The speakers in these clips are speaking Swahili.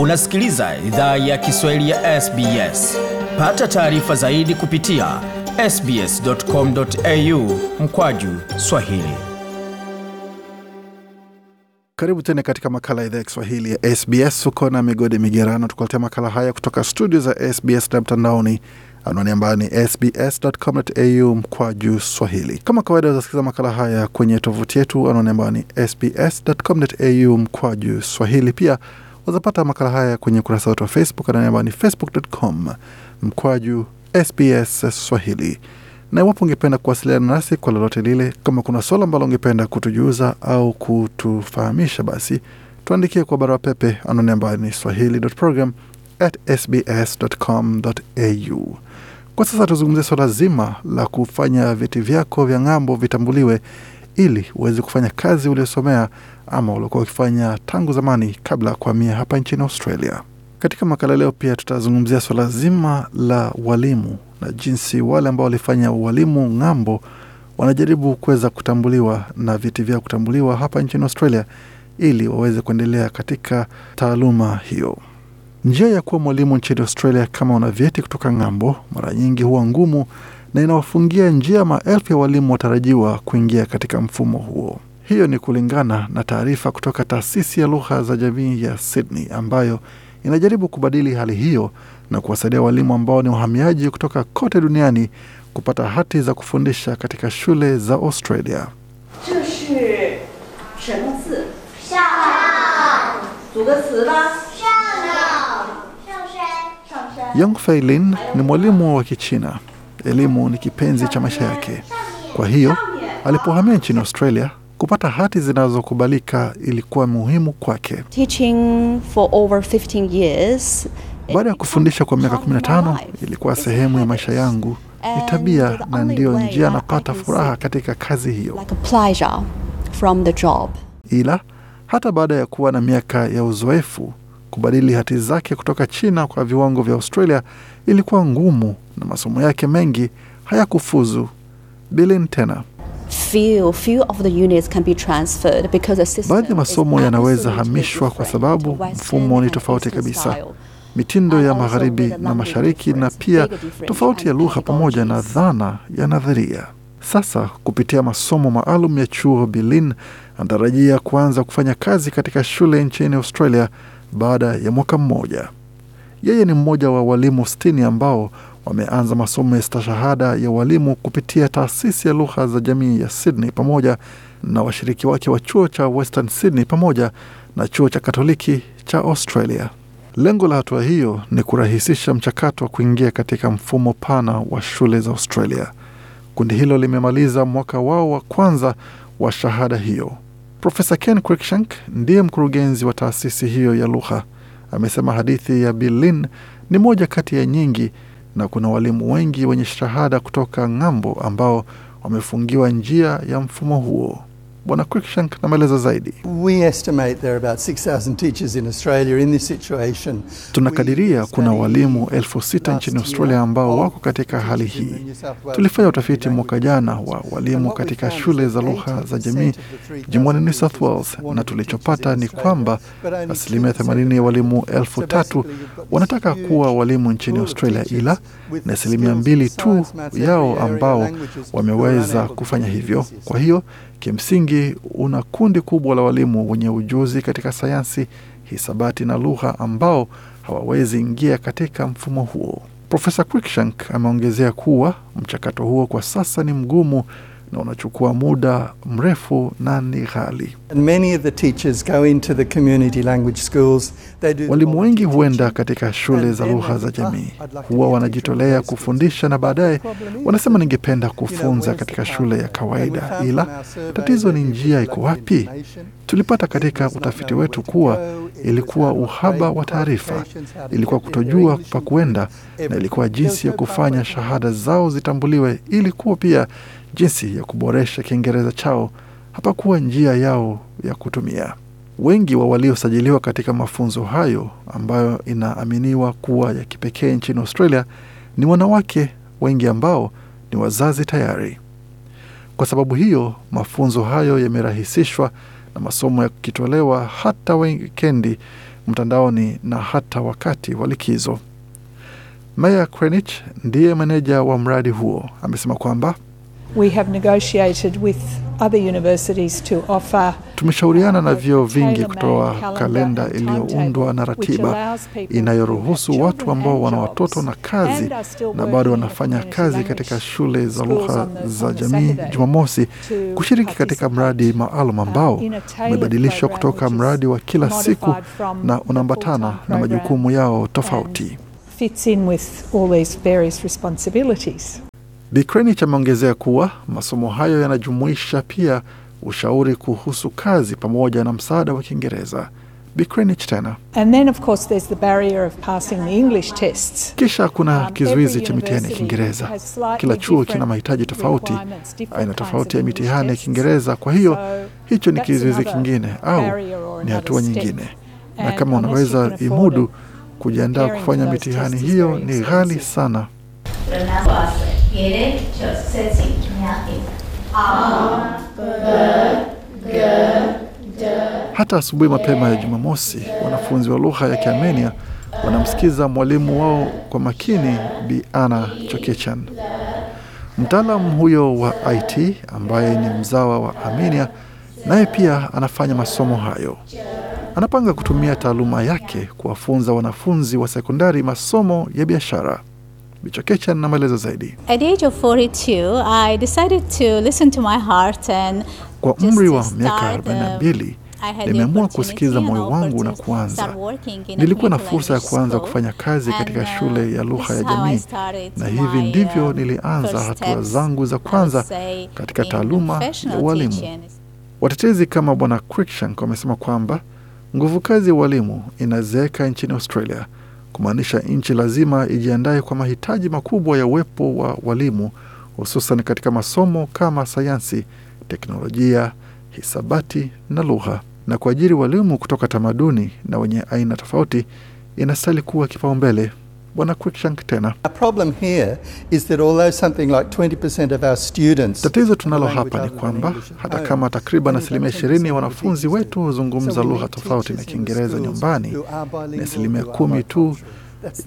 Unasikiliza idhaa ya Kiswahili ya SBS. Pata taarifa zaidi kupitia sbs.com.au mkwaju swahili. Karibu tena katika makala ya idhaa ya Kiswahili ya SBS. huko na Migode Migerano tukuletea makala haya kutoka studio za SBS na mtandaoni, anwani ambayo ni sbs.com.au juu swahili. Kama kawaida, utasikiza makala haya kwenye tovuti yetu, anwani ambayo ni sbs.com.au juu swahili. Pia wazapata makala haya kwenye ukurasa wetu wa Facebook ambayo ni facebook.com mkwaju SBS Swahili. Na iwapo ungependa kuwasiliana nasi kwa lolote lile, kama kuna swala ambalo ungependa kutujuza au kutufahamisha, basi tuandikie kwa barua pepe anani ambayo ni swahili.program@sbs.com.au. Kwa sasa tuzungumzie swala zima la kufanya vyeti vyako vya ng'ambo vitambuliwe ili uweze kufanya kazi uliosomea ama uliokuwa ukifanya tangu zamani kabla ya kuhamia hapa nchini Australia. Katika makala leo pia tutazungumzia swala zima la walimu na jinsi wale ambao walifanya walimu ng'ambo wanajaribu kuweza kutambuliwa na vyeti vyao kutambuliwa hapa nchini Australia ili waweze kuendelea katika taaluma hiyo. Njia ya kuwa mwalimu nchini Australia kama una vyeti kutoka ng'ambo mara nyingi huwa ngumu na inawafungia njia maelfu ya walimu watarajiwa kuingia katika mfumo huo. Hiyo ni kulingana na taarifa kutoka taasisi ya lugha za jamii ya Sydney ambayo inajaribu kubadili hali hiyo na kuwasaidia walimu ambao ni wahamiaji kutoka kote duniani kupata hati za kufundisha katika shule za Australia. Yang ni mwalimu wa Kichina elimu ni kipenzi cha maisha yake. Kwa hiyo alipohamia nchini Australia, kupata hati zinazokubalika ilikuwa muhimu kwake. Baada ya kufundisha kwa miaka 15 ilikuwa sehemu ya maisha yangu, ni tabia na ndiyo njia napata furaha katika kazi hiyo. Ila hata baada ya kuwa na miaka ya uzoefu kubadili hati zake kutoka China kwa viwango vya Australia ilikuwa ngumu na masomo yake mengi hayakufuzu. Bilin tena baadhi ya masomo yanaweza hamishwa kwa sababu mfumo ni tofauti kabisa, mitindo ya magharibi na mashariki, na pia tofauti ya lugha pamoja na dhana ya nadharia. Sasa kupitia masomo maalum ya chuo, Bilin anatarajia kuanza kufanya kazi katika shule nchini Australia baada ya mwaka mmoja. Yeye ni mmoja wa walimu sitini ambao wameanza masomo ya stashahada ya walimu kupitia taasisi ya lugha za jamii ya Sydney pamoja na washiriki wake wa chuo cha Western Sydney pamoja na chuo cha Katoliki cha Australia. Lengo la hatua hiyo ni kurahisisha mchakato wa kuingia katika mfumo pana wa shule za Australia. Kundi hilo limemaliza mwaka wao wa kwanza wa shahada hiyo. Profesa Ken Cruikshank ndiye mkurugenzi wa taasisi hiyo ya lugha, amesema hadithi ya Bilin ni moja kati ya nyingi, na kuna walimu wengi wenye shahada kutoka ng'ambo ambao wamefungiwa njia ya mfumo huo. Bwana na maelezo zaidi. Tunakadiria kuna walimu elfu sita nchini Australia ambao wako katika hali hii. Tulifanya utafiti mwaka jana wa walimu katika shule za lugha za jamii jimboni New South Wales, na tulichopata ni kwamba asilimia 80 ya walimu elfu tatu wanataka kuwa walimu nchini Australia, ila na asilimia mbili tu yao ambao wameweza kufanya hivyo. Kwa hiyo kimsingi msingi una kundi kubwa la walimu wenye ujuzi katika sayansi, hisabati na lugha ambao hawawezi ingia katika mfumo huo. Profesa Cruikshank ameongezea kuwa mchakato huo kwa sasa ni mgumu na unachukua muda mrefu na ni ghali. Walimu wengi huenda katika shule za lugha za ah, jamii, huwa wanajitolea kufundisha na baadaye wanasema, ningependa kufunza katika shule ya kawaida, ila tatizo ni njia iko wapi? Tulipata katika utafiti wetu kuwa ilikuwa uhaba wa taarifa, ilikuwa kutojua pa kuenda, na ilikuwa jinsi ya kufanya shahada zao zitambuliwe, ilikuwa pia jinsi ya kuboresha Kiingereza chao hapakuwa njia yao ya kutumia. Wengi wa waliosajiliwa katika mafunzo hayo ambayo inaaminiwa kuwa ya kipekee nchini Australia ni wanawake wengi ambao ni wazazi tayari. Kwa sababu hiyo, mafunzo hayo yamerahisishwa na masomo yakitolewa hata wikendi mtandaoni na hata wakati wa likizo. Meya Krenich ndiye meneja wa mradi huo, amesema kwamba Tumeshauriana na vyuo vingi kutoa kalenda iliyoundwa na ratiba inayoruhusu watu ambao wana watoto na kazi na bado wanafanya kazi katika shule za lugha za jamii Jumamosi kushiriki katika mradi maalum uh, ambao umebadilishwa kutoka mradi wa kila siku na unaambatana na majukumu yao tofauti. Bi ameongezea kuwa masomo hayo yanajumuisha pia ushauri kuhusu kazi pamoja na msaada wa Kiingereza. Bi tena kisha kuna um, kizuizi cha mitihani ya Kiingereza. Kila chuo kina mahitaji tofauti, aina tofauti ya mitihani ya Kiingereza. Kwa hiyo hicho ni kizuizi kingine au ni hatua nyingine, na kama unaweza imudu kujiandaa kufanya mitihani hiyo, ni ghali sana. Yere A, B, G, D. Hata asubuhi mapema ya Jumamosi, wanafunzi wa lugha ya Kiarmenia wanamsikiza mwalimu wao kwa makini, Bi Ana Chokechan. mtaalam huyo wa IT ambaye ni mzawa wa Armenia, naye pia anafanya masomo hayo. Anapanga kutumia taaluma yake kuwafunza wanafunzi wa sekondari masomo ya biashara. Bichokecha na maelezo zaidi. At the age of 42, I decided to listen to my heart and kwa umri wa miaka 42 um, nimeamua kusikiza moyo wangu na kuanza. Nilikuwa na fursa ya kuanza kufanya kazi katika uh, shule ya lugha ya jamii, na hivi ndivyo uh, nilianza hatua zangu za kwanza katika taaluma ya ualimu. Watetezi kama Bwana Quickshank wamesema kwamba nguvu kazi ya ualimu inazeeka nchini Australia kumaanisha nchi lazima ijiandae kwa mahitaji makubwa ya uwepo wa walimu hususan katika masomo kama sayansi, teknolojia, hisabati na lugha. Na kuajiri walimu kutoka tamaduni na wenye aina tofauti inastahili kuwa kipaumbele. Bwana Cruikshank tena. Tatizo tunalo hapa ni kwamba hata kama takriban asilimia ishirini ya wanafunzi wetu huzungumza lugha tofauti na Kiingereza nyumbani, ni asilimia kumi tu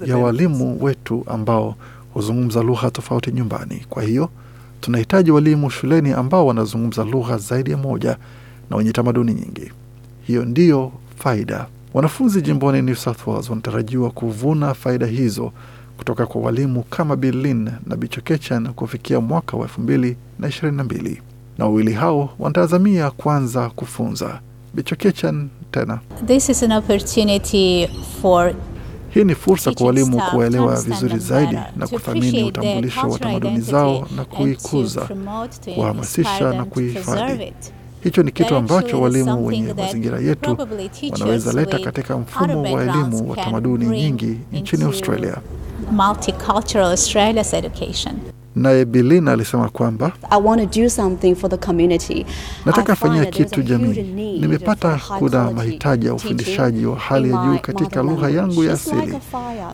ya walimu wetu ambao huzungumza lugha tofauti nyumbani. Kwa hiyo tunahitaji walimu shuleni ambao wanazungumza lugha zaidi ya moja na wenye tamaduni nyingi. Hiyo ndiyo faida. Wanafunzi jimboni New South Wales wanatarajiwa kuvuna faida hizo kutoka kwa walimu kama berlin na Bichokechan kufikia mwaka wa elfu mbili na ishirini na mbili na wawili hao wanatazamia kwanza kufunza Bichokechan tena. This is an opportunity for hii ni fursa kwa walimu kuwaelewa vizuri zaidi na kuthamini utambulisho wa tamaduni zao na kuikuza, kuhamasisha na kuihifadhi. Hicho ni kitu ambacho walimu wenye mazingira yetu wanaweza leta katika mfumo wa elimu wa tamaduni nyingi nchini Australia. Naye Bilina alisema kwamba nataka fanyia kitu jamii. Nimepata kuna mahitaji ya ufundishaji wa hali ya juu katika lugha yangu ya asili.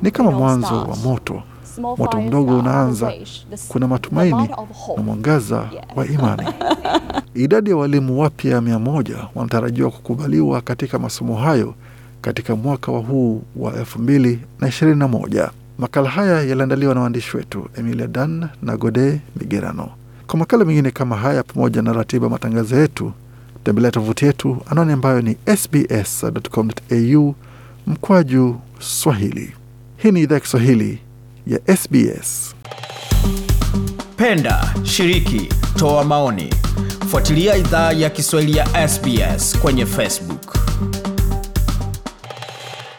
Ni kama mwanzo wa moto moto mdogo unaanza, kuna matumaini na mwangaza wa imani. Idadi ya walimu wapya mia moja wanatarajiwa kukubaliwa katika masomo hayo katika mwaka wa huu wa elfu mbili na ishirini na moja. Makala haya yaliandaliwa na waandishi wetu Emilia Dan na Gode Migerano. Kwa makala mengine kama haya, pamoja na ratiba matangazo yetu, tembelea tovuti yetu anwani ambayo ni sbs.com.au mkwaju Swahili. Hii ni idhaa ya Kiswahili ya SBS. Penda, shiriki, toa maoni. Fuatilia idhaa ya Kiswahili ya SBS kwenye Facebook.